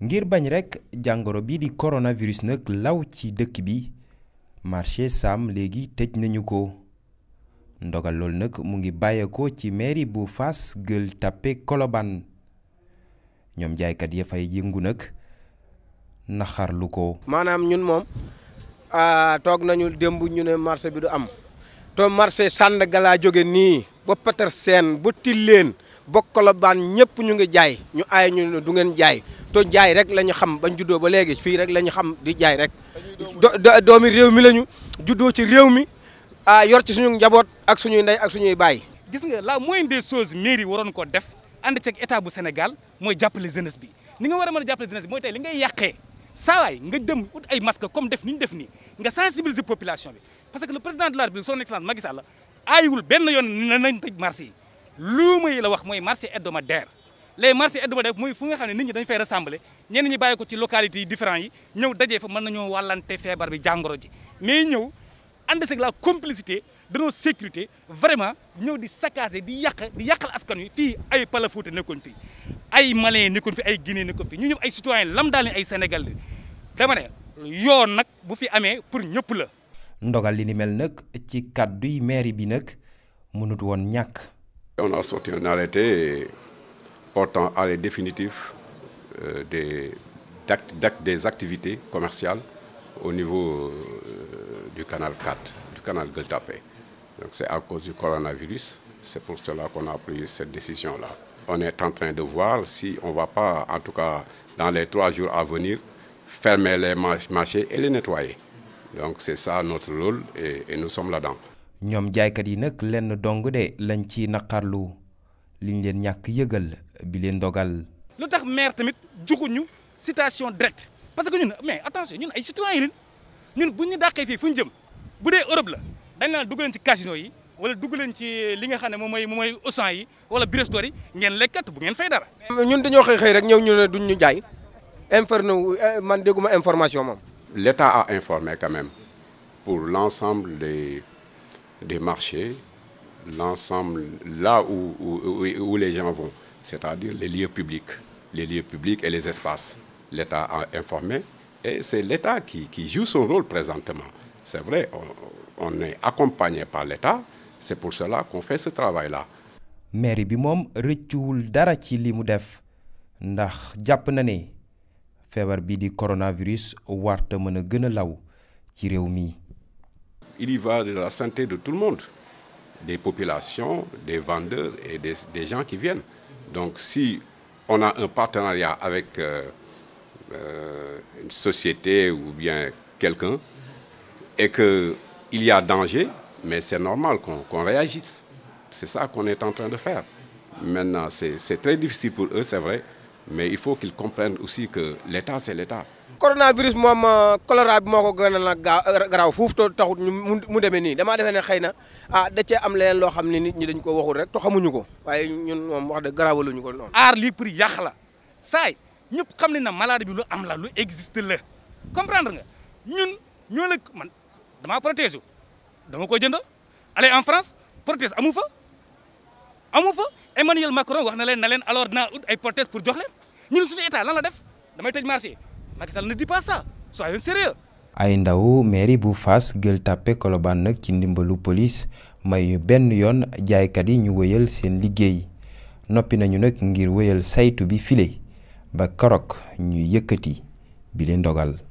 ngir bañ rek jàngoro bi di coronavirus nag law ci dëkk bi marché sam léegi tëj nañu ko ndogal loolu nag mu ngi bàyyeekoo ci mairie bu Fass Gueule Tapée Colobane ñoom jaaykat ya fay yëngu nag naxarlu ko. maanaam ñun moom toog nañu démb ñu ne marché bi du am to marché Sandaga laa jóge nii ba Petersen bu Tilleen bokk baan ñëpp ñu ngi jaay ñu aay ñu du ngeen jaay to jaay rek la ñu xam bañ juddoo ba léegi fii rek la ñu xam di jaay rek doomi réew mi lañu juddoo ci réew mi ah yor ci suñu njaboot ak suñuy ndey ak suñuy baay. gis nga la moindre des choses mairie waroon ko def ànd ceeg état bu Sénégal mooy jàppale jeunesse bi ni nga war a mën a jàppale jeunesse bi mooy tey li ngay yàqee saawaay nga dem ut ay masque comme def ni ñu def nii nga sensibiliser population bi parce que la président de la République son excellence Macky Sall aayul benn yoon nañ tëj yi luuma yi la wax mooy marché hebdomadaire les marchés hebdomadaires mooy fu nga xam ne nit ñi dañu fay rassembler ñenn ñi bàyyi ko ci localités yi différents yi ñëw dajee fa mën nañoo wàllante feebar bi jàngoro ji mais ñëw ànd seeg la complicité de nos sécurité vraiment ñëw di saccager di yàq di yàqal askan wi fii ay Palafouta nekkoon fii ay Malien nekkoon fi ay Guinée nekkoon fi ñu ñëpp ay citoyen lam daal ay Sénégal li dama ne yoon nag bu fi amee pour ñëpp la. ndogal li ni mel nag ci kàdduy mairie bi nag mënut woon ñàkk. on a sorti un arrêté portant à arrêt définitif euh, des, activités commerciales au niveau euh, du canal 4, du canal Gueltapé. Donc c'est à cause du coronavirus, c'est pour cela qu'on a pris cette décision-là. On est en train de voir si on ne va pas, en tout cas dans les trois jours à venir, fermer les marchés et les nettoyer. Donc c'est ça notre rôle et nous sommes là-dedans ñoom jaaykat yi nag lenn dong de lañ ci naqarlu liñ leen ñàkk yëgal nous leen dogal. lu nous maire tamit citation directe parce que ñun mais attention ñun ay nous nous ñun bu ñu nous fii jëm bu dee Europe la dañ naan dugg leen ci casino yi wala dugg leen ci li nga xam ne moom mooy moom yi wala nous yi ngeen lekkat bu ngeen fay dara. ñun rek ñu man dégguma information l'État a informé quand même pour l'ensemble des des marchés, l'ensemble, là où, où, les gens vont, c'est-à-dire les lieux publics, les lieux publics et les espaces. L'État a informé et c'est l'État qui, joue son rôle présentement. C'est vrai, on, est accompagné par l'État, c'est pour cela qu'on fait ce travail-là. coronavirus il y va de la santé de tout le monde, des populations, des vendeurs et des, gens qui viennent. Donc si on a un partenariat avec euh, euh, une société ou bien quelqu'un et qu'il y a danger, mais c'est normal qu'on réagisse. C'est ça qu'on est en train de faire. Maintenant, c'est très difficile pour eux, c'est vrai, mais il faut qu'ils comprennent aussi que l'État, c'est l'État. coronavirus moom euh, choléra bi moo ko gën a euh, garaaw fuuf to taxut mu deme nii dama defee ne xëy na ah cee am leneen loo xam ne nit ñi dañ ko waxul rek to xamuñu ko waaye ñun moom wax dëgg ñu ko noonu. aar lii pour yàq la saay ñëpp xam ne na maladie bi lu am la lu existe la comprendre nga ñun ñoo la man damaa protège dama ko jënd aller en France prothèse amu fa amu fa Emmanuel Macron wax na leen leen alors dinaa ut ay prothèse pour jox leen ñun suñu état lan la def damay tëj marché Macky Sall ne ay ndaw mairie bu fas Gueule Tapée Colobane nag ci ndimbalu police may benn yoon jaaykat yi ñu wëyal seen liggéey noppi nañu nag ngir wëyal saytu bi file ba korok ñuy yëkkati bi leen dogal